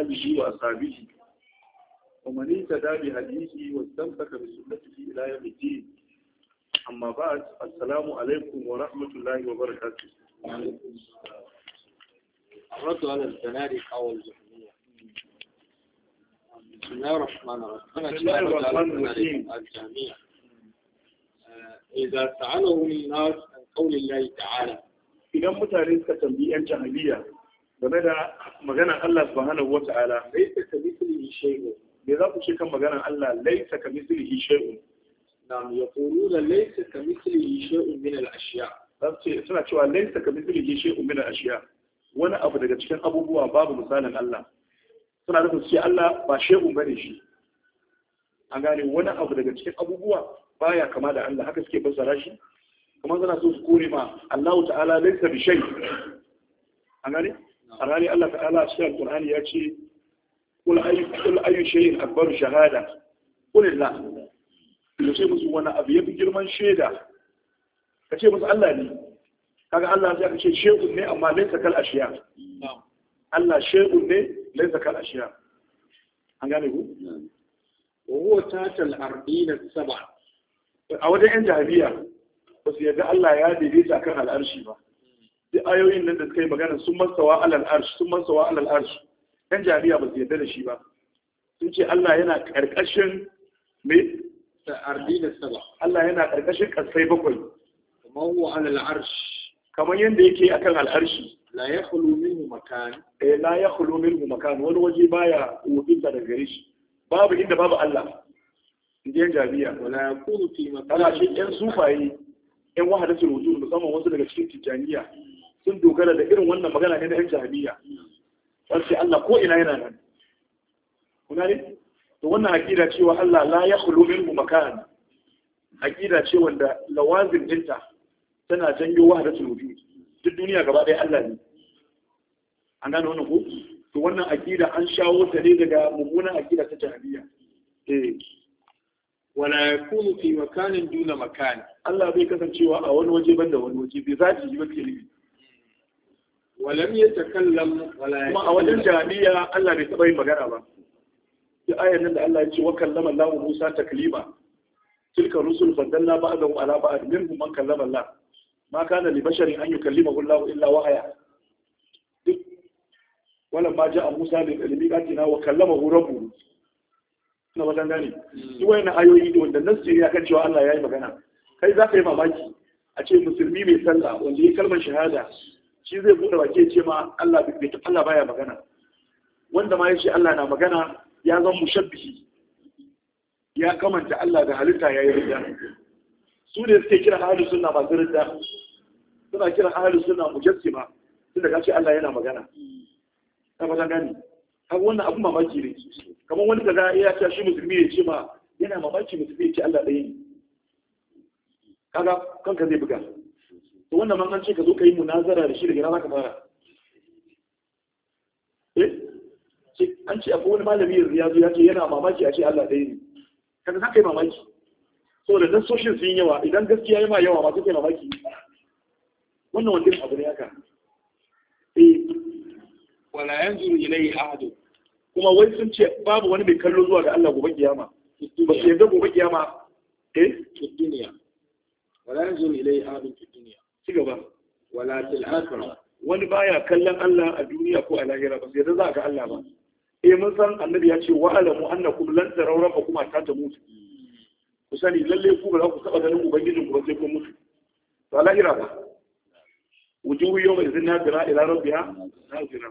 آله وأصحابه ومن اهتدى بهديه واستمسك بسنته إلى يوم الدين أما بعد السلام عليكم ورحمة الله وبركاته الرد على الزنادقة أو بسم الله الرحمن الرحيم بسم الله الرحمن الرحيم آه، إذا سألهم الناس عن قول الله تعالى إذا متى رزقة تنبيه الجهمية game da maganar Allah subhanahu wata'ala laisa ka mislihi shay'un me za ku ce kan maganar Allah laisa ka mislihi shay'un nam yaquluna laisa ka mislihi shay'un min al-ashya suna cewa laisa ka mislihi shay'un min al-ashya wani abu daga cikin abubuwa babu misalin Allah suna nufin ce Allah ba shay'un bane shi an gane wani abu daga cikin abubuwa baya kama da Allah haka suke fassara shi kuma suna so su kore ma Allah ta'ala laisa bi shay an gane A alhali Allah ta'ala a cikin alqur'ani ya ce kul ayyu kul ayyu shay'in akbaru shahada kul la to sai musu wani abu yafi girman shaida ka ce musu Allah ne kaga Allah sai ka ce shay'un ne amma laysa kal ashiya Allah shay'un ne laysa kal ashiya an gane ku wa huwa tatal ardina sab'a a wajen yan jahiliya ba su yarda Allah ya daidaita kan al'arshi ba duk ayoyin nan da suka yi magana sun masawa alal arsh sun masawa alal arsh kan jariya ba su yarda da shi ba sun ce Allah yana karkashin me da ardi da saba Allah yana karkashin kasai bakwai kamar huwa alal arsh kamar yanda yake akan al arshi la yakhlu minhu makan eh la yakhlu minhu makan wani waje baya wutinta da gare shi babu inda babu Allah idan jami'a wala yakunu fi makan ana shi yan sufaye yan wahadatul wujud musamman wasu daga cikin tijaniya sun dogara da irin wannan magana ne na yan jami'a sai Allah ko ina yana nan kuna ne to wannan aqida cewa Allah la yakhlu mu makan aqida ce wanda lawazin dinta tana janyo wahdatul wujud duk duniya gaba ɗaya Allah ne an gane wannan ko to wannan aqida an shawo ta ne daga mummunan aqida ta jahiliya eh wala yakunu fi makanin duna makan Allah bai kasancewa a wani waje banda wani waje bai zaci ba ke walam ya takallam kuma a wajen jami'a Allah bai taɓa yin magana ba duk ayar nan da Allah ya ce wa kallama Allah Musa taklima tilka rusul fadalla ba'dahu ala ba'd minhum man kallama Allah ma kana li basharin an yukallimahu Allah illa duk ma Musa wa na wajen gane duk wayannan ayoyi da wanda nan ya kan cewa Allah ya yi magana kai za ka yi mamaki a ce musulmi mai sallah wanda ya kalmar shahada shi zai buɗe baki ce ma Allah bai ta Allah baya magana wanda ma ya ce Allah na magana ya zan mushabbihi ya kamanta Allah da halitta ya yi ridda su ne suke kira ahlus sunna masu ridda suna kira ahlus sunna mujassima tunda ka ce Allah yana magana ta fata gani kaga wannan abu mamaki ne kamar wani kaga ya ce shi musulmi ya ce ma yana mamaki musulmi ya ce Allah ɗaya ne kaga kanka zai buga to wannan man ce ka zo ka yi munazara da shi gina za ka fara eh an ce akwai wani malami yanzu ya zo ya ce yana mamaki a ce Allah ɗaya ne kaga za ka yi mamaki da dan social sun yawa idan gaskiya ya ma yawa ma kai mamaki wannan wanda abu ne haka eh wala yanzuru ilayhi ahadu kuma wai sun ce babu wani mai kallo zuwa ga Allah gobe kiyama ba su yanzu gobe kiyama eh duniya wala yanzuru ilayhi ahadu fi duniya ci gaba wala fil akhirah wani baya kallon Allah a duniya ko a lahira ba sai za ga Allah ba eh mun san annabi ya ce wa alamu annakum lan tarawra fa kuma ta ta mutu ku sani lalle ku ba za ku taba ganin ubangijin ku ba sai ku mutu to a lahira ba wujuhu yawma idhin nadira ila rabbiha nadira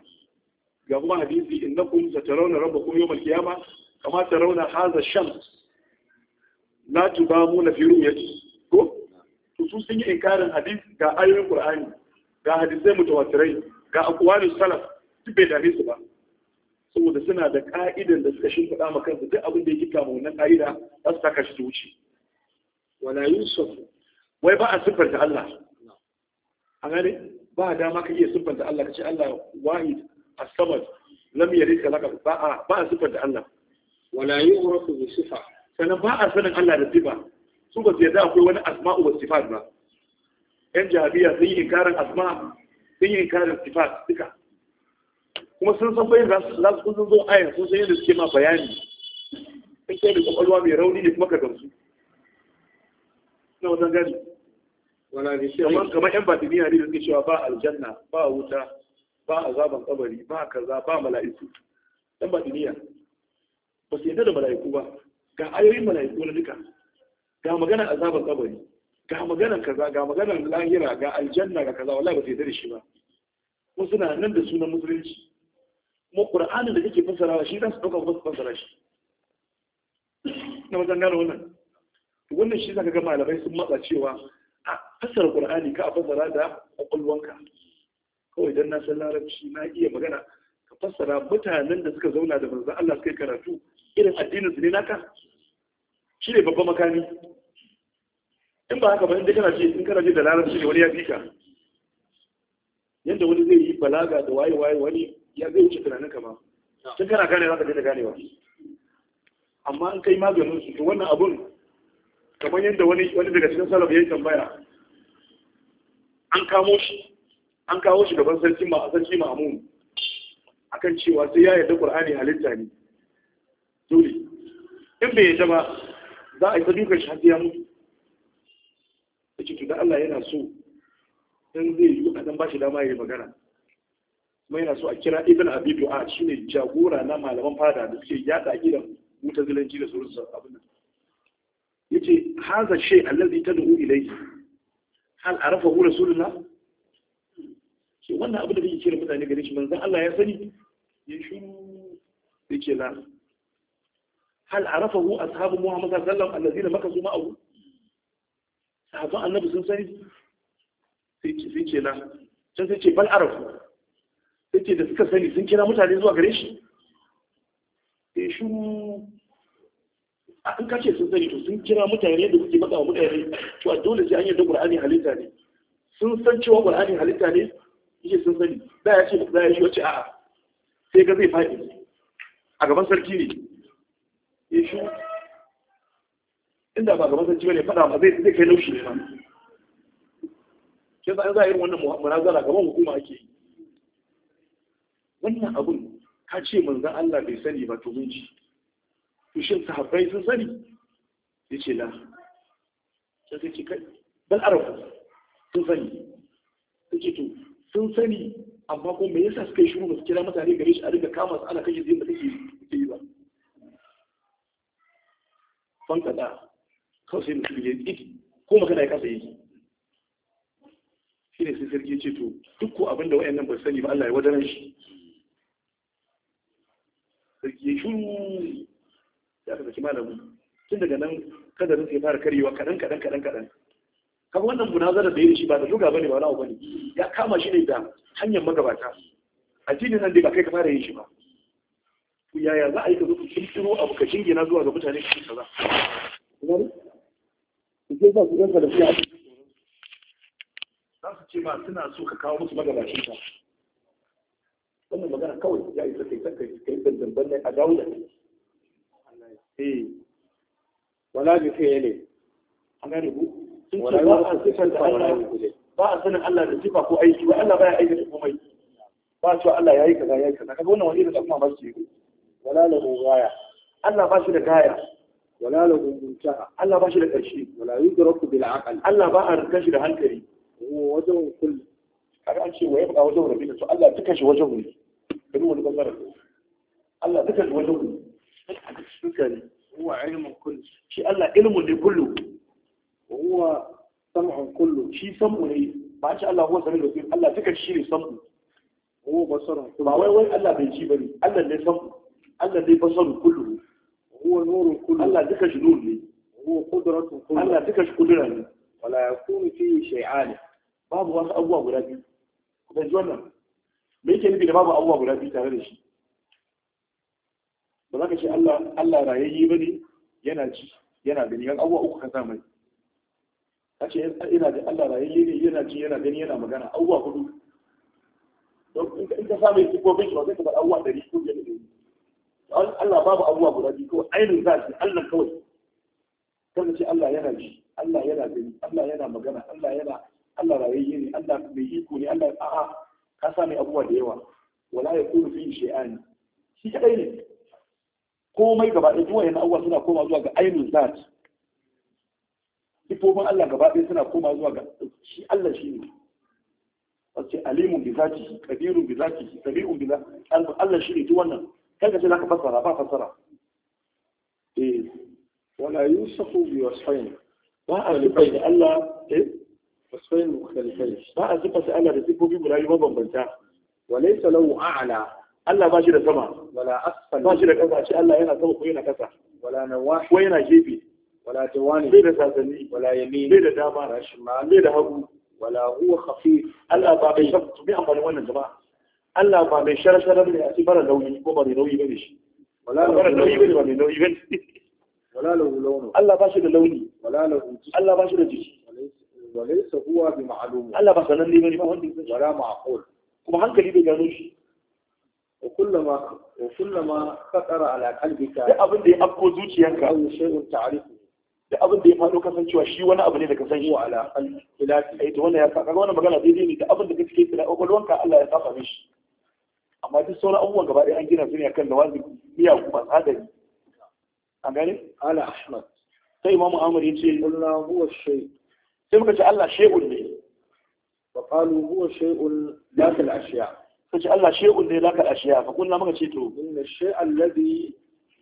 ga kuma hadisi innakum satarawna rabbakum yawmal qiyamah kama tarawna hadha ash-shams la tubamuna fi ru'yatihi su sun yi inkarin hadis ga ayoyin qur'ani ga hadisai mutawatirai ga aqwalus salaf duk bai dame su ba saboda suna da ka'idan da suka shimfiɗa maka kansu duk abin da ya kika ma wannan ka'ida za su saka shi su wuce wala yusuf wai ba a siffanta Allah a gane ba dama ka iya siffanta Allah ka ce Allah wahid as-samad lam yalid kalaka ba a ba a siffanta Allah wala yu'rafu bi sifa sanan ba a sanin Allah da sifa su ba su yarda akwai wani asma'u wa sifat ba yan jabiya sun yi inkarin asma sun yi inkarin sifat duka kuma sun san bayan za su kun zo ayan sun san yadda suke ma bayani Sun kai da kwakwalwa mai rauni ne kuma ka gamsu na wajen gani kamar kamar yan batiniya ne da suke cewa ba aljanna ba wuta ba azaban kabari ba kaza ba mala'iku yan batiniya ba su yadda da mala'iku ba ga ayoyin mala'iku na duka ga maganar azabar kabari ga maganar kaza ga maganar lahira ga aljanna ga kaza wallahi ba sai dare shi ba ko suna nan da sunan musulunci kuma qur'anin da kake fassarawa shi dan su dauka ba su fassara shi na wajen gano wannan wannan shi zaka ga malamai sun matsa cewa a fassara qur'ani ka a fassara da kwakwalwanka kawai dan na san larabci na iya magana ka fassara mutanen da suka zauna da manzon Allah suka karatu irin addinin su ne naka shi ne babban makami in ba haka ba inda kana ce in kana ce da larabci ne wani ya fi ka yadda wani zai yi balaga da waye waye wani ya zai wuce tunanin ka ma tun kana gane za ka daina ganewa amma in kai maganin su to wannan abun kamar yadda wani wani daga cikin salaf yayi tambaya an kamo shi an kawo shi gaban sarki ma sarki ma'amun akan cewa sai ya yarda qur'ani halitta ne dole in bai yarda ba za a yi ta dukan shi har ya mutu da ce da Allah yana so in zai yi a dan bashi dama ya yi magana kuma yana so a kira ibn abi du'a shine jagora na malaman fada da suke da gidan zilanci da sauran abin nan yace hadha shay ta tad'u ilayhi hal arafahu rasulullah shi wannan abin da yake kira mutane gare shi manzon Allah ya sani ya shiru yake la hal arafahu ashabu muhammad sallallahu alaihi wasallam allazina makasu ma'ahu sahabban annabi sun sani sai ce na can sai ce bal arafu sai ce da suka sani sun kira mutane zuwa gare shi sai shi an kace sun sani to sun kira mutane da kuke baka wa mutane to a dole sai an yi da qur'ani halitta ne sun san cewa qur'ani halitta ne yake sun sani da ya ce da ya shi wace a'a sai ga zai faɗi a gaban sarki ne ya shi inda ba gaban sanci bane fada ba zai zai kai laushi ne ba shi yasa za a yi wannan munazara gaban hukuma ake yi wannan abun ka ce manzan Allah bai sani ba to mun ji to shin sahabbai sun sani yace la sai kace kai bal arafu sun sani kace to sun sani amma ko me yasa suka yi shiru ba su kira mutane gare shi a riga kama su ana kashe zai da take fanka da kawai sai mutum ya tsiki ko magana ya kasa yi shi ne sai sarki ce to duk ko abinda nan ba sani ba Allah ya wadaran shi sarki ya shuru ya ka saki tun daga nan kada sai fara karyewa kadan kadan kadan kadan kaga wannan munazara da yi shi ba da duga bane ba wani abu ne. ya kama shi ne da hanyar magabata addinin nan dai ba kai ka fara yin shi ba yaya za a yi ka zo cikin kirkiro abu ka jingina zuwa ga mutane su kaza ke sa su ganka da fiya za su ce ba suna so ka kawo musu magabacin ka wannan magana kawai ya isa kai kanka yi dandamban ne a dawo da eh. wala bi kai ne an gane ku sun ce ba a sifar da Allah ba a sanin Allah da sifa ko aiki ba Allah baya aikata komai ba su Allah ya yi kaza ya yi kaza kaga wannan wani da kuma ba su yi wala lahu ghaya Allah ba shi da gaya wala lahu muntaha Allah ba shi da ƙarshe wala yudraku bil aql Allah ba a rika da hankali huwa wajhul kull kaga an ce wa yabqa wajhu rabbika to Allah duka shi wajhu ne duk wani bangaren Allah duka shi wajhu ne duka ne huwa ilmun kull shi Allah ilmun ne kullu huwa sam'un kullu shi sam'u ne ba shi Allah huwa sami'ul basir Allah duka shi ne sam'u huwa basarun ba wai wai Allah bai ji bane Allah ne sam'u Allah zai basar kullu huwa nurun kullu Allah duka shi nur ne huwa qudratun kullu Allah duka shi kudura ne wala yakunu fi shay'an babu wasu abubuwa guda biyu kuma ji wannan me yake nufi da babu abubuwa guda biyu tare da shi ba za ka ce Allah Allah rayayye bane yana ji yana gani yan abuwa uku ka sa mai ka ce ina da Allah rayayye ne yana ji yana gani yana magana abubuwa hudu don in ka sa mai sifofin shi ba zai ka bar abuwa ɗari ko biyar da ɗari Allah babu abubuwa guda biyu kawai ainihin za shi Allah kawai kan ce Allah yana ji Allah yana gani Allah yana magana Allah yana Allah rayayye ne Allah mai iko ne Allah a'a ka sa mai abubuwa da yawa wala ya kuru fi shay'ani shi kadai ne komai gaba ɗaya duk wayannan abuwa suna koma zuwa ga ainihin zat sifofin Allah gaba ɗaya suna koma zuwa ga shi Allah shi ne wace alimun bi zatihi kabirun bi zatihi sabi'un bi zatihi Allah shi ne duk wannan kai ka ce zaka fassara ba fassara eh wala yusafu bi wasfain ba a sifai da Allah eh wasfain mukhtalifai ba a sifai da Allah da sifofi guda biyu mabambanta walaysa lahu a'la Allah ba shi da sama wala asfal ba shi da kasa shi Allah yana sama ko yana kasa wala nawahi ko yana gefe wala tawani bai da sasanni wala yamin bai da dama da hagu wala Allah ba bai amfani wannan gaba Allah ba mai sharar-sharar ne a ci mara nauyi ko ba mai nauyi bane shi mara nauyi bane ba mai nauyi Allah ba shi da launi Allah ba shi da jiki walaysa huwa bi ma'lum Allah ba sanan ne bane ba wanda yake wala ma'qul kuma hankali bai gano shi wa kullama wa kullama khatara ala qalbika da abin da ya afko zuciyanka aw shay'un ta'rifu da abin da ya faɗo kasancewa shi wani abu ne da kasan shi ala al ilahi ai eh, to wannan ya kaga wannan magana daidai ne da abin da kake kira kwakwalwanka Allah ya saba mishi amma duk sauran abubuwan gaba ɗaya an gina su ne akan lawazim miyagu masu hadari an gane ala ahmad sai imamu ahmad ya ce kulna huwa shay sai muka ce Allah shay'un ne wa qalu huwa shay'un lakal ashiya kace Allah shay'un ne lakal ashiya fa kulna muka ce to inna shay'a alladhi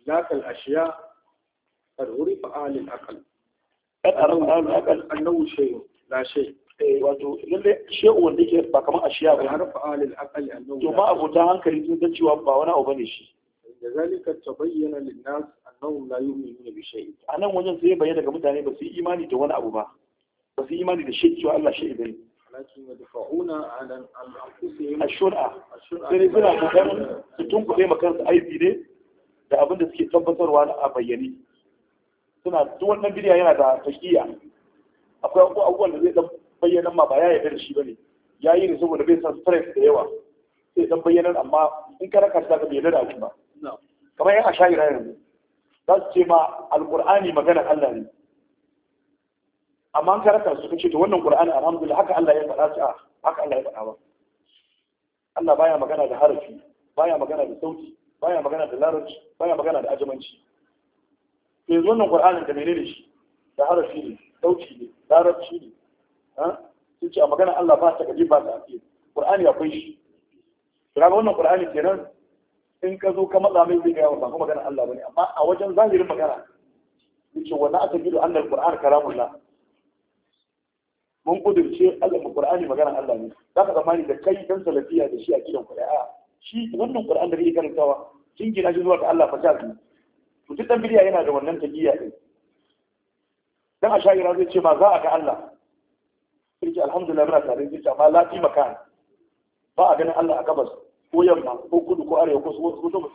lakal ashiya qad urifa alil aqal qad arafa alil aqal annahu shay'un la shay' Eh, wato lalle shehu wanda yake ba kamar ba harfa alil aqal annahu to hankali sun san cewa ba wani abu bane shi da zalika wajen sai bayyana ga mutane ba su yi imani da wani abu ba ba su yi imani da shi Allah shi bane lakin yadfa'una anfusihim ashura sai suna kokarin su tunkuɗe ne da abin da suke tabbatarwa a bayyane suna duk wannan yana da taƙiya akwai abubuwan da zai bayyanan ma ba ya yarda da shi bane ya yi ne saboda bai san stress da yawa sai dan bayyanan amma in ka raka shi zaka bayyana da ba kamar yan ashaira yanzu za su ce ma alqur'ani maganar Allah ne amma an karanta su kace to wannan qur'ani alhamdulillah haka Allah ya faɗa shi haka Allah ya faɗa ba Allah baya magana da harafi baya magana da sauti baya magana da larabci baya magana da ajamanci yanzu wannan qur'anin da menene shi da harafi ne sauti ne larabci ne sun ce a magana Allah ba ta kaji ba ta ake Qur'ani akwai shi to kaga wannan Qur'ani kenan in ka zo ka matsa mai zai gaya wa ba magana Allah ba ne. amma a wajen zahirin magana ya ce wa la atajidu anna al karamun na? mun kudurce Allah ƙur'ani magana Allah ne Za ka zamani da kai dan salafiya da shi a gidan ku a shi wannan Qur'an da kake karantawa kin gina shi zuwa ga Allah fa fasali to duk dan bidiya yana da wannan taqiya din dan asha'ira zai ce ma za a ga Allah kirki alhamdulillah muna tare kirki amma lati makan ba a ganin Allah a gabas ko yamma ko kudu ko arewa ko ko ko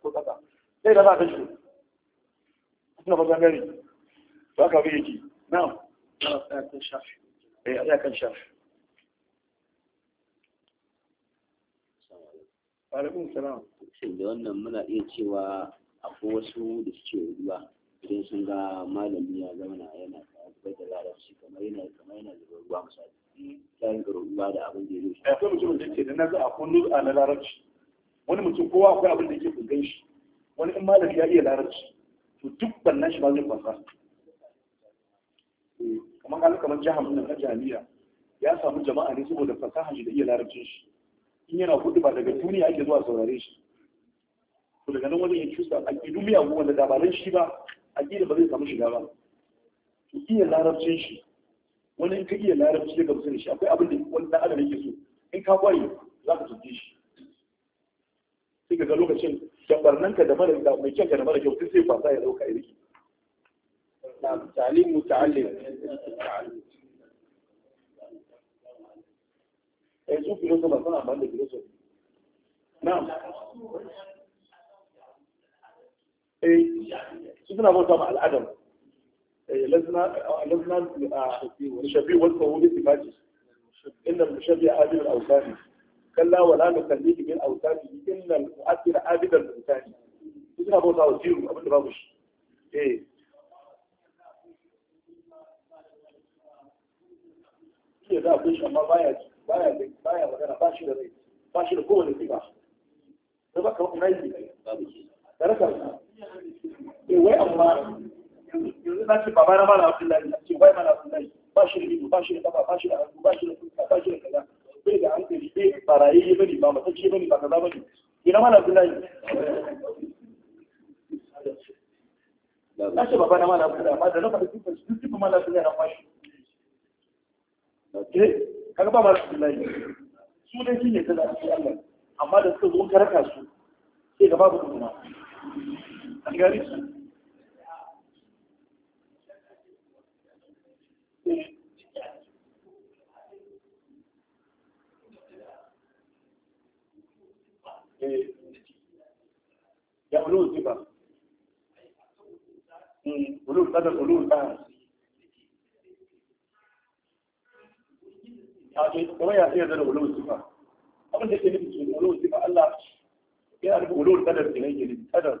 ko kasa sai da za ka shi ina ba gari ba ka bi yake na'am ya kan shafi eh ya kan shafi alaikum salam shin da wannan muna iya cewa akwai wasu da suke ruwa idan sun ga malami ya zauna yana zubar da larabci kamar yana kamar yana zubar ruwa misali ta rinka ruwa da abin da ya zo akwai mutumin da ke da na za a kullu na larabci wani mutum kowa akwai abin da yake bugan shi wani in malami ya iya larabci to duk bannan shi ba zai kwasa kamar kalu kamar jihar nan na jami'a ya samu jama'a ne saboda fasaha shi da iya larabcin shi in yana gudu ba daga duniya ake zuwa saurare shi to daga nan wani ya cusa a duniya ko wanda dabaran shi ba aƙida ba zai samu shiga ba ki iya larabcin shi wani in ka iya larabci ya gamsu da shi akwai abin da wani ɗan adam yake so in ka kwaye za ka tuntuɓe shi sai ka ga lokacin jabarnan ka da mara da mai kyan ka da mara kyau sai sai fasa ya ɗauka ya rike ta'alim muta'allim eh su filosofa suna amma da filosofa na'am eh شفنا برضه مع الادم لازم لازم نشبيه وصفه بالاتفاق ان المشبه عابد الاوثان كلا ولا نسميه بالاوثان ان المؤثر عابد الاوثان شفنا برضه وزير ابو الرابش ايه da kuma ma baya baya baya wannan bashi da rai bashi da kowane tiba da baka kuma yi da rakan Eh, wai amma yanzu na ce baba na mala abdullahi na ce wai mala abdullahi ba shi da ido ba shi da kafa ba shi da hannu ba shi da fuska ba shi da kaza bai da hankali bai barayi bane ba matacce bane ba kaza bane ina mala abdullahi na ce baba na mala abdullahi amma da na faɗi sifar su sifar mala abdullahi na fashi eh, kaga ba mala abdullahi su dai shi ne kaza a cikin Allah amma da suka zo sai babu kuma الجارس يا حلول تبا حلول قدر حلول بان يا سيدة الحلول تبا أقول لك يا سيدة الحلول تبا الله يا رب حلول قدر تنين قدر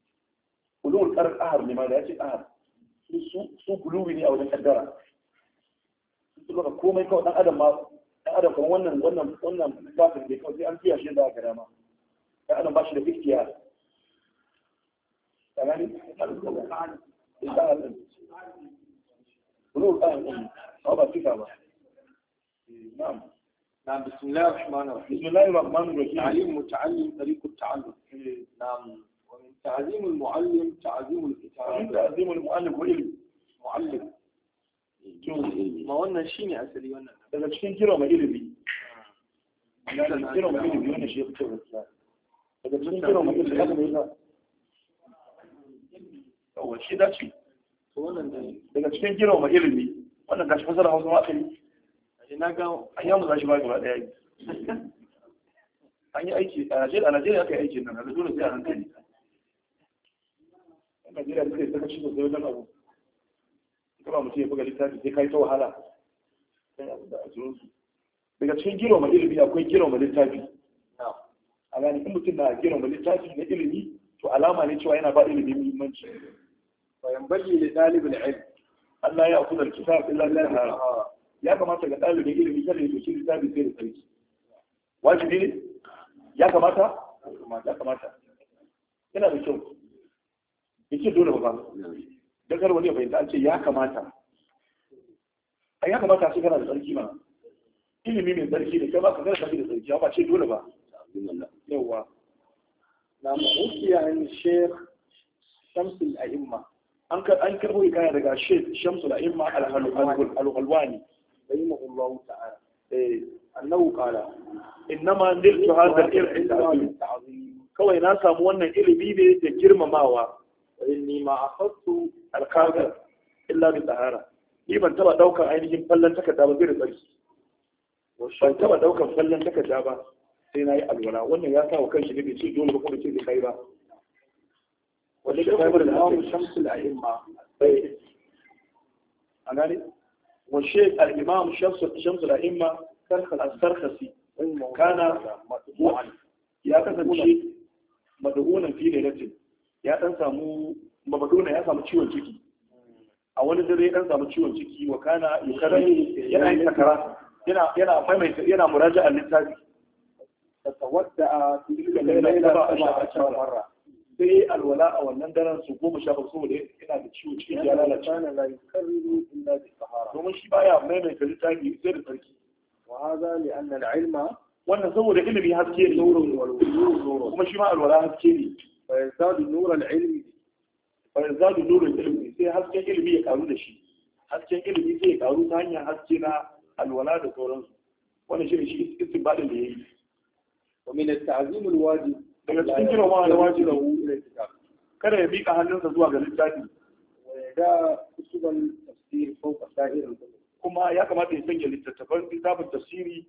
ولو الأرض أهر لما يأتي يجب أهر سو قلوبني أو نكدرة سو كوما يكون أنا أدم أنا أدم كما ونن ونن ونن بافر بيك وزي أنت يا شيء ذا كراما أنا باشر في اكتيار تماني يعني؟ ولو الأهر أبا كيف أبا نعم نعم بسم الله الرحمن الرحيم بسم الله الرحمن الرحيم تعليم متعلم طريق التعلم إيه. نعم تعظيم المعلم تعظيم الكتاب تعظيم المعلم هو إلي معلم ما قلنا شين آه. يعني يا أسلي وانا إذا شين جيرو ما إلي بي لأن جيرو ما إلي بي وانا شيء يكتب إذا شين جيرو ما إلي بي هو شيء ده شيء إذا شين جيرو ما إلي بي وانا قاش فزر هوز ما أخلي أنا قاو أيام غاش باقي ولا أي أي أي أنا جيل أنا جيل أكي أي جيل أنا بدون زيارة أنتني Najeriya suka yi sakaci da zai wajen abu kama mutum ya buga littafi sai kai ta wahala Sai daga cikin girma ilimi akwai girma littafi a gani in mutum na girma littafi na ilimi to alama ne cewa yana ba ilimi muhimmanci bayan bayi da ɗalibin ilmi Allah ya akudar a illa Allah ya kamata ga dalibin ilimi kada ya doki littafi sai da sarki wajibi ne ya kamata ya kamata yana da kyau yake dole ba ba kar wani ya fahimta an ce ya kamata a ya kamata su kana da tsarki ma ilimi mai tsarki da kama ka ka tsarki da tsarki ba ce dole ba yawa na mawukiya an shekh shamsul a'imma an karbo hikaya daga shekh shamsul a'imma al-halwani rahimahullahu ta'ala eh. annahu qala innama niltu hadha al-ilm kawai na samu wannan ilimi ne da girmamawa فإني ما أخذت الكاغر إلا بالدهارة لما إيه انتبع دوكا عينهم فلن تكتا بغير بريس وانتبع دوكا فلن تكتا با سيناي الولا وانا ياسا وكان شديد يسي جون بقول شيء لخيرا والشيخ الإمام الشمس الأئمة أنا والشيخ الإمام شمس الشمس الأئمة كرخ الأسترخسي كان مطبوعا يا كذا شيء مدعونا في ليلته ya dan samu mabadona ya samu ciwon ciki a wani dare ya dan samu ciwon ciki wa kana yukarrar yana yin sakara yana yana maimaita yana muraja'a littafi da tilka laila sab'a marra sai alwala a wannan daren su goma sha hudu saboda yana da ciwo cikin ya lalace domin shi baya maimaita littafi sai da sarki wa hadha li anna al-ilma wannan saboda ilimi haske ne kuma shi ma alwala haske ne fa yazadu nuran ilmi fa yazadu nuran ilmi sai hasken ilmi ya karu da shi hasken ilmi sai ya karu ta hanyar haske na alwala da sauransu wannan shi ne shi istibadin da yayi wa min at-ta'zim al-wajib daga cikin girma da wajibi kada ya bika hannunsa zuwa ga littafi da kusuban tafsir fauka sa'irin kuma ya kamata ya sanya littattafan littafin tafsiri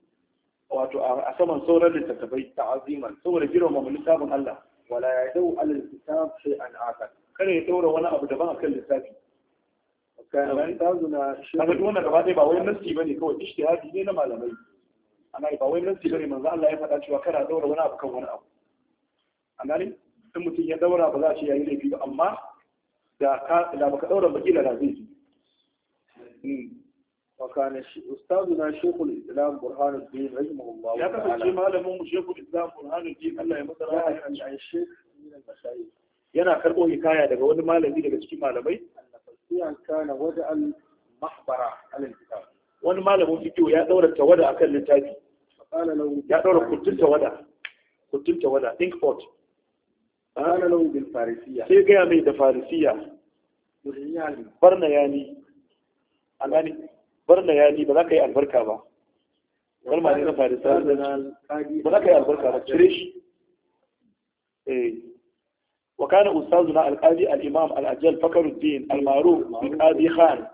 wato a saman sauran littattafai ta aziman saboda girma littafin Allah wala ya dau alal kitab shay'an akar kada ya daura wani abu daban akan lissafi kaga duk wannan ba kawai ne na malamai ba kada daura wani abu kan wani abu mutum ya daura ba za a ce yayi laifi ba amma da ka baka daura zai ji hmm. وكان أستاذنا شيخ الإسلام برهان الدين رحمه الله يا كفر شيء مالهم شيخ الإسلام برهان الدين الله yana karɓo hikaya daga wani malami daga cikin malamai wani malamin fikiyo ya daura tawada akan littafi ya daura kuntun tawada inkpot ana gaya mai da farisiya a bar layali ba za ka yi albarka ba kalma ne na farisa ba za ka yi albarka ba shi وكان أستاذنا القاضي الإمام الأجل فكر الدين المعروف بقاضي خان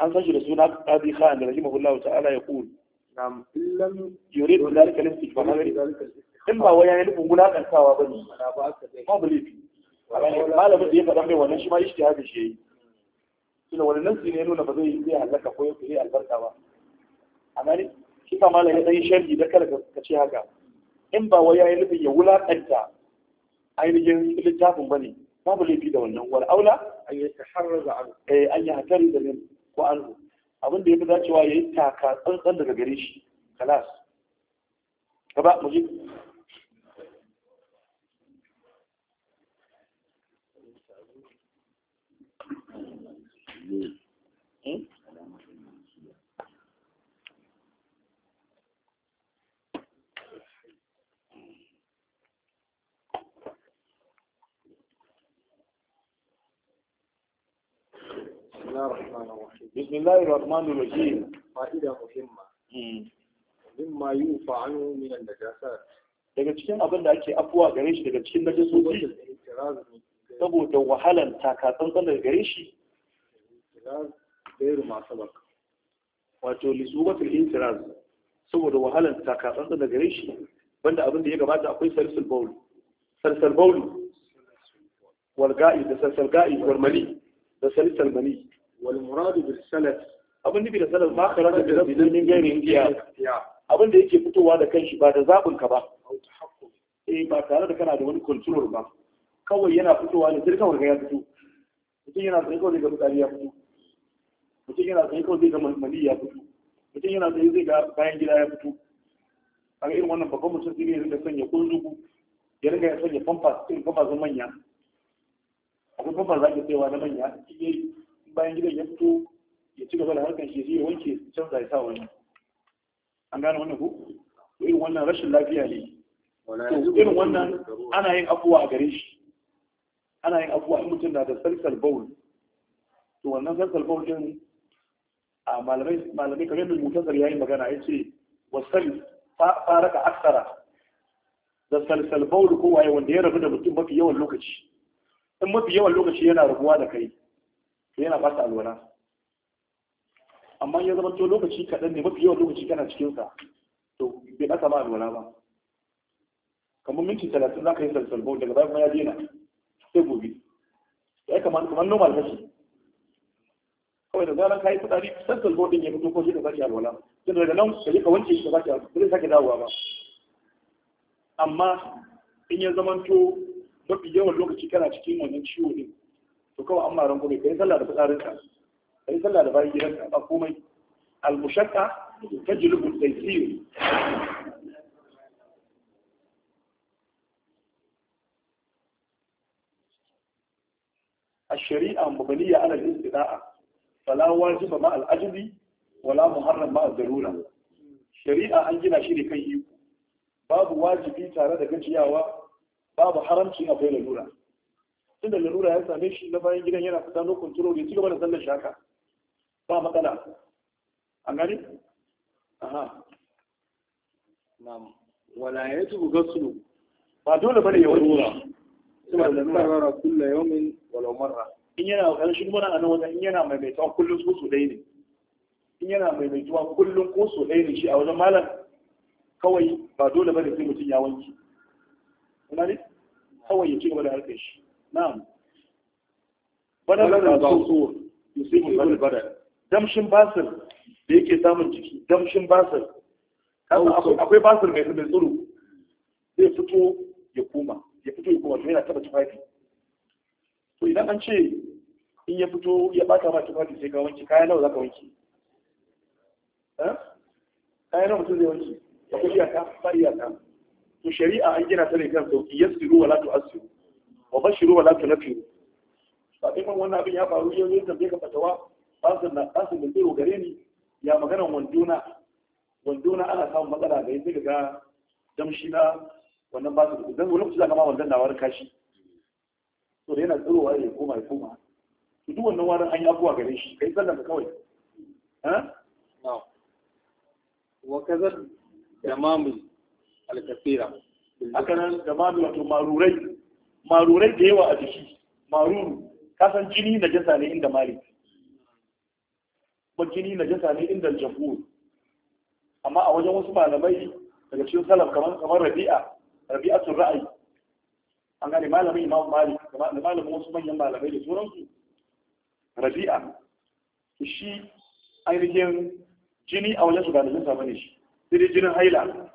عن سجل سنة قاضي خان رحمه الله تعالى يقول نعم يريد ذلك الاستجابة إما ما ويا يلف ملاك الكوابل ما بليفي ما لم يفعل أمره ونشما يشتهى الشيء shi wani nasi ne nuna ba zai zai halaka ko zai albarka ba a gani shi ka ma ya ɗan sharhi da kala ka ce haka in ba wai yayin nufin ya wulakanta ainihin littafin ba bane babu laifi da wannan wani aula an yi eh, an da min ko an zo abin da fi dacewa yi taka tsantsan daga gare shi kalas gaba بسم الله الرحمن الرحيم فائدة مهمة مما يوفى عنه من النجاسات daga cikin abin da ake afuwa gare shi daga cikin najasoci saboda wahalan takatsantsan daga gare shi intiraz gairu masu baka wato lisubatul intiraz saboda wahalar takatsantsa da gare shi banda abin da ya gabata akwai sarsul bauli sarsul bauli wal ga'i da sarsul ga'i wal mali da sarsul mali wal muradu bil salat abin da nufi da salat ma kharaja bi rabbin min ghairi intiya abin da yake fitowa da kanshi ba da zabin ka ba eh ba tare da kana da wani control ba kawai yana fitowa ne sai kawai ga ya fito mutum yana tsaye kawai ga fitsari ya fito mutum yana tsaye kawai zai ga mani ya fito mutum yana tsaye zai ga bayan gida ya fito a irin wannan babban mutum zai ya rinka sanya kunzugu ya rinka ya sanya famfas ɗin famfasin manya akwai famfas za ka tsayawa na manya shi bayan gidan ya fito ya ci gaba da harkar shi ya wanke canza ya sa wani an gane wannan ku irin wannan rashin lafiya ne to irin wannan ana yin abuwa a gare shi ana yin abuwa in mutum na da salsal baul to wannan salsal baul din a malamai malamai kamar yadda mutasar yayi magana ya ce fara ka aksara da salsal Baul ko waye wanda ya rabu da mutum mafi yawan lokaci in mafi yawan lokaci yana rabuwa da kai to yana fasa alwala amma ya zama to lokaci kaɗan ne mafi yawan lokaci kana cikinsa to bai ɓata ma alwala ba kamar minti talatin za ka yi salsal Baul daga bayan ma ya daina sai gobe ya kamar kamar normal kashi kawai da zaran kayi fitsari san ka zo din ya fito ko shi ka sake alwala tun daga nan ka je ka wanke shi ka sake alwala zai sake dawowa ba amma in ya zamanto mafi yawan lokaci kana cikin wannan ciwo din to kawai an maran gobe ka yi sallah da ka yi sallah da bayan gidanka ba komai al-mushaqqa tajlibu al-taysir الشريعة مبنية على الاستداءة fala wajiba ma al'ajabi wala muharram ma al-darura shari'a an gina shi ne kan iko babu wajibi tare da gajiyawa babu haramci akwai lalura tunda lalura ya same shi na bayan gidan yana fita no control ya ci gaba da sallar ba matsala an gani aha na'am wala yatu gaslu ba dole bane ya lalura suna da karara kulla yawmin walau marra in yana kan shi kuma nan wajen in yana maimaituwa kullum ko su ɗaya ne in yana maimaituwa kullum ko su ɗaya ne shi a wajen malam kawai ba dole ba da sai mutum ya wanki kuma ne kawai ya ci gaba da harkar shi na'am badar da ba so yusibu badar badar damshin basir da yake samun jiki damshin basir akwai basir mai tsuru zai fito ya kuma ya fito ya kuma yana taba tufafi to idan an ce in ya fito ya bata ma tufafi sai ka wanke kaya nawa za ka wanke eh? kaya nawa mutum zai wanke akwai iyaka ba iyaka to shari'a an gina ta ne kan sauki yasiru wala tu'assiru wa bashiru wala tunafiru ba kai man wannan abin ya faru yau yau tambaye ka fatawa basu na basu da tsiro gare ni ya magana wanduna wanduna ana samun matsala da yake ga damshi na wannan ba su dan wani kusa kama wannan na warka shi to da yana tsirowa ya koma ya koma su duk wannan warin an yi abuwa gare shi kai sallan kawai ha wa kazar jamamul al-kathira akanan jamamul wato marurai marurai da yawa a jiki maruru kasan jini na jasa ne inda malik kuma jini na jasa ne inda jamhur amma a wajen wasu malamai daga cikin salaf kamar rabi'a tun ra'ayi an gane malamin imam malik da malamin wasu manyan malamai da sauransu rabi'a shi ainihin jini a wajen su ba najasa bane shi sai dai jinin haila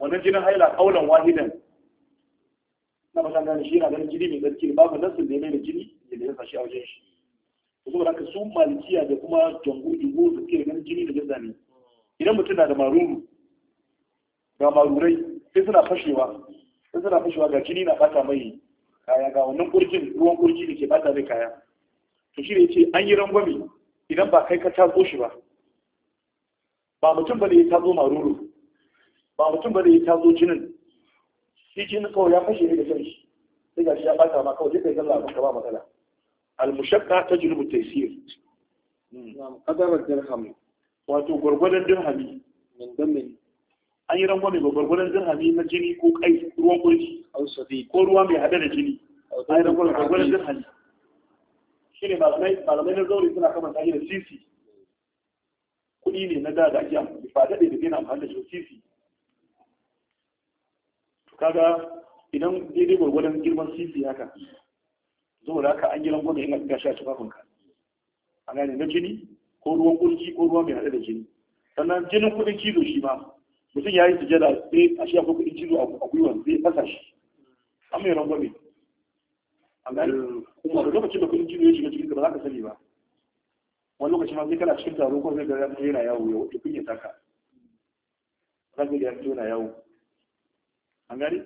wannan jinin haila kaulan wahidan na ba gane shi yana ganin jini mai tsarki babu nasin da ya mai da jini da ya shi a wajen shi kuma da haka su malikiya da kuma jangu dubu da suke ganin jini da jazza ne idan mutum na da maruru ga marurai sai suna fashewa sai suna fashewa ga jini na bata mai kaya ga wannan kurkin ruwan kurki da ke bata mai kaya to shi ne ce an yi rangwame idan ba kai ka tatso shi ba ba mutum ba ne ya tatso maruru ba mutum ba ne ya tatso jinin shi jinin kawai ya fashe ne da kanshi sai ga shi ya bata ma kawai sai zalla ba ba matsala al-mushaqqa tajlibu at-taysir na'am qadara dirham wato gurgurdan dirhami min damin an yi rangwame ga gwargwaron dirhami na jini ko kai ruwan kurji ko ruwa mai hada da jini an yi rangwame ga gwargwaron dirhami shi ne malamai na zaune suna kama ta da sisi kuɗi ne na da da ake amfani ba daɗe da gina amfani da shi sisi kaga idan daidai gwargwaron girman sisi haka zuwa da haka an yi rangwame ina ga a tufafinka a gane na jini ko ruwan kurji ko ruwa mai hada da jini sannan jinin kuɗin kilo shi ma mutum ya yi sujada sai a shi akwai kuɗin cizo a gwiwan sai fasa shi an mai rangwame a gani kuma da lokacin da kuɗin cizo ya shiga cikin ba za ka sani ba wani lokaci ma sai kana cikin taro ko zai ga ya yana yawo ya wuce kunya taka za ka ga ya fito yana yawo A gani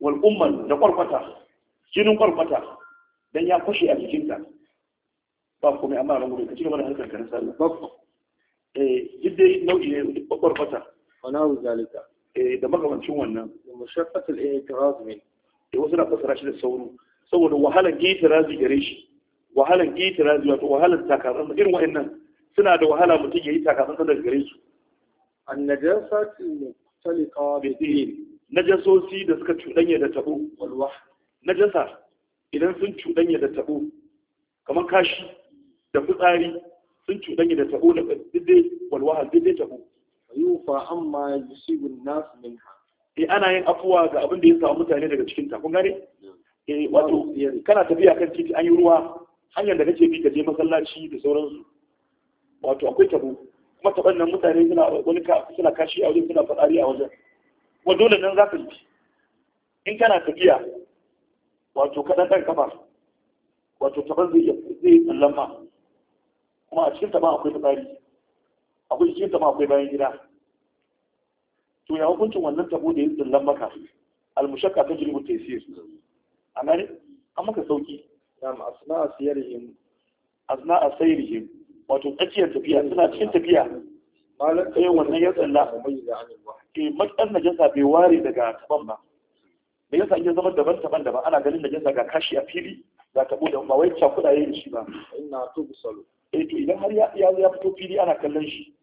wal umman da kwarkwata jinin kwarkwata dan ya fashe a jikinta ba komai amma rangwame ka ci gaba da harkar karin sallah eh duk dai nau'i ne kwarkwata wana zalika eh da makamancin wannan mushaffatul i'tiraz min eh wasu na fasara shi da sauro saboda wahalan itirazi gare shi wahalan itirazi wato wahalan takatsan irin wa'annan suna da wahala mutum ya yi takatsan daga gare su an najasati mutalika bi eh, din najasosi da suka cuɗanya da tabo walwa najasa idan sun cuɗanya da tabo kamar kashi da fitsari sun cuɗanya da tabo da dai walwahal dai tabo yufa amma yusibun nas minha eh ana yin afuwa ga abin da ya samu mutane daga cikin ta kun gane eh wato kana tafiya kan titi an yi ruwa hanyar da kake bi ka je masallaci da sauransu wato akwai tabo kuma taban nan mutane suna wani suna kashi a wajen suna fadari a wajen kuma dole nan za ka yi in kana tafiya wato kaɗan ɗan kafa wato taban zai iya tsallan kuma a cikin taban akwai fadari akwai shi ta akwai bayan gida to ya hukuncin wannan tabo da yin tsillan maka almushakka ta jirgin tesir a nan an maka sauki nam asna asiyarihim asna asayirihim wato tsakiyar tafiya suna cikin tafiya malar yin wannan ya tsalla ke matsan eh, najasa bai ware daga taban ba da yasa in zama daban taban daban ana ganin najasa ga kashi a fili za ta da ba wai cakuda yayin shi ba ina to busalo eh to idan har ya fito fili ana kallon shi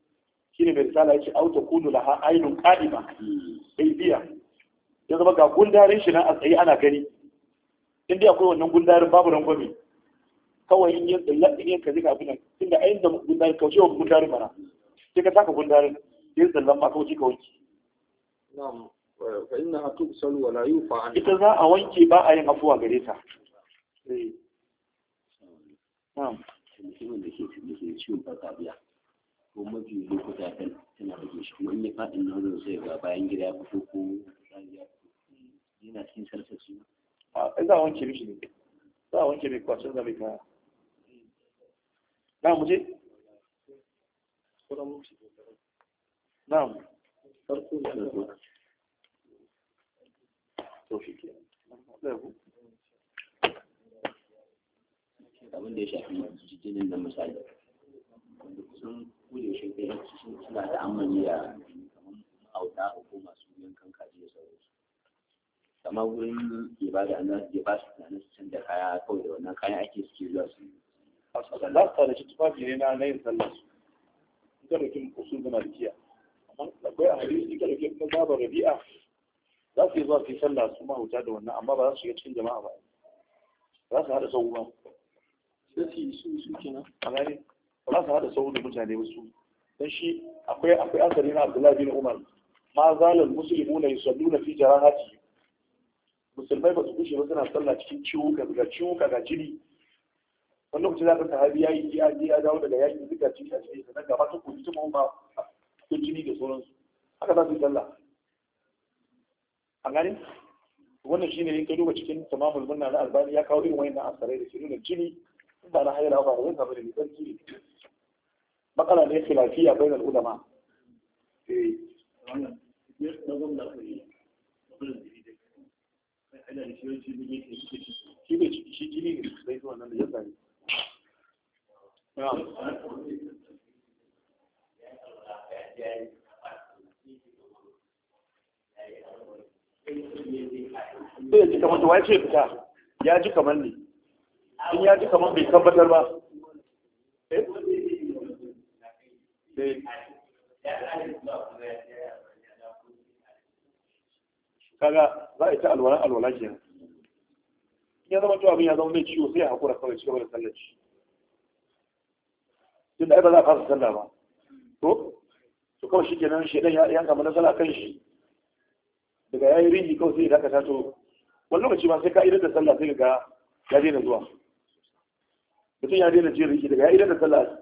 shine mai risala yace au kunu laha ainun qadima bai biya ya zama ga gundarin shi nan a tsaye ana gani in dai akwai wannan gundarin babu rangwame kawai in yin tsalla in yin kaji ka abin nan tunda ayin da gundarin kaushe wa gundarin bara sai ka saka gundarin yin tsallar ma kauce ka wanki ita za a wanke ba a yin afuwa gare ta kuma eh. da ke cikin ciwon biya ko mafi lokuta kan tana rage shi kuma in ya faɗin na wajen sai ga bayan gida ya fito ko eh, yana cikin sarsa su a za a wanke mishi ne za a wanke mai sun zabe kaya na mu je na mu farko na zo to shi ke abin da ya shafi jijjinin na misali da yaushe kai suna da amman da kamar auta ko masu yankan kaji da sauransu amma gurin da na ya ba su tunanin su canza kaya kawai da wannan kayan ake suke zuwa su za su tare shi tufafi ne na yin sallar su in ka dauki usul da malikiya amma akwai a hadisi ka dauki kuma babar rabi'a za su yi zuwa su yi sallah su mahauta da wannan amma ba za su shiga cikin jama'a ba za su haɗa sau ba sai su yi su kenan a gane ba su hada sauran mutane wasu Don shi akwai akwai asali na Abdullahi bin Umar ma zalal muslimuna na fi jarahati musulmai ba su kushe ba suna sallah cikin ciwuka ga ciwuka ga jini wani lokaci za ka sahabi ya yi ya ya dawo daga yaƙi duka ciki a cikin sannan gaba ta koyi tuma ba ko jini da sauransu haka za su yi sallah A gane wannan shi ne yin ka duba cikin tamamul munna na albani ya kawo irin wayannan asarai da ke nuna jini ba na haila wani da ne ne matsala ne khilafiya da ya ya ji kamar fita ya ji kamar ne in ya ji kamar bai tabbatar ba eh? Eh. kaga za a yi ta alwala alwala ke nan. ya zama to abin ya zama mai ciwo sai a haƙura kawai cikin wani sallar shi tun da ba za a fasa sallah ba to to kawai shi kenan shi ya yanka mana sallah kan shi daga yayi rinji kawai sai ya dakata to wani lokaci ma sai ka idar da sallah sai ga ya daina zuwa mutum ya daina jin riki daga ya idan da sallah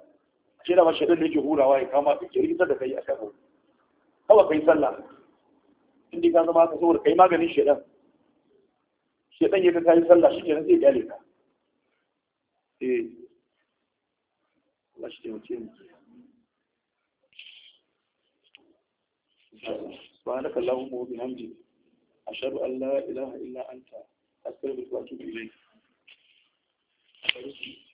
shi da mashaɗin da yake hurawa ya kama ya kiri da kai a kan wani kawai kai sallah inda dai ka zama haka saboda kai maganin shaɗan shaɗan ya ka yi sallah shi kenan zai gyale ka eh Allah shi taimake mu سبحانك اللهم وبحمدك أشهد أن لا إله إلا أنت أستغفرك وأتوب إليك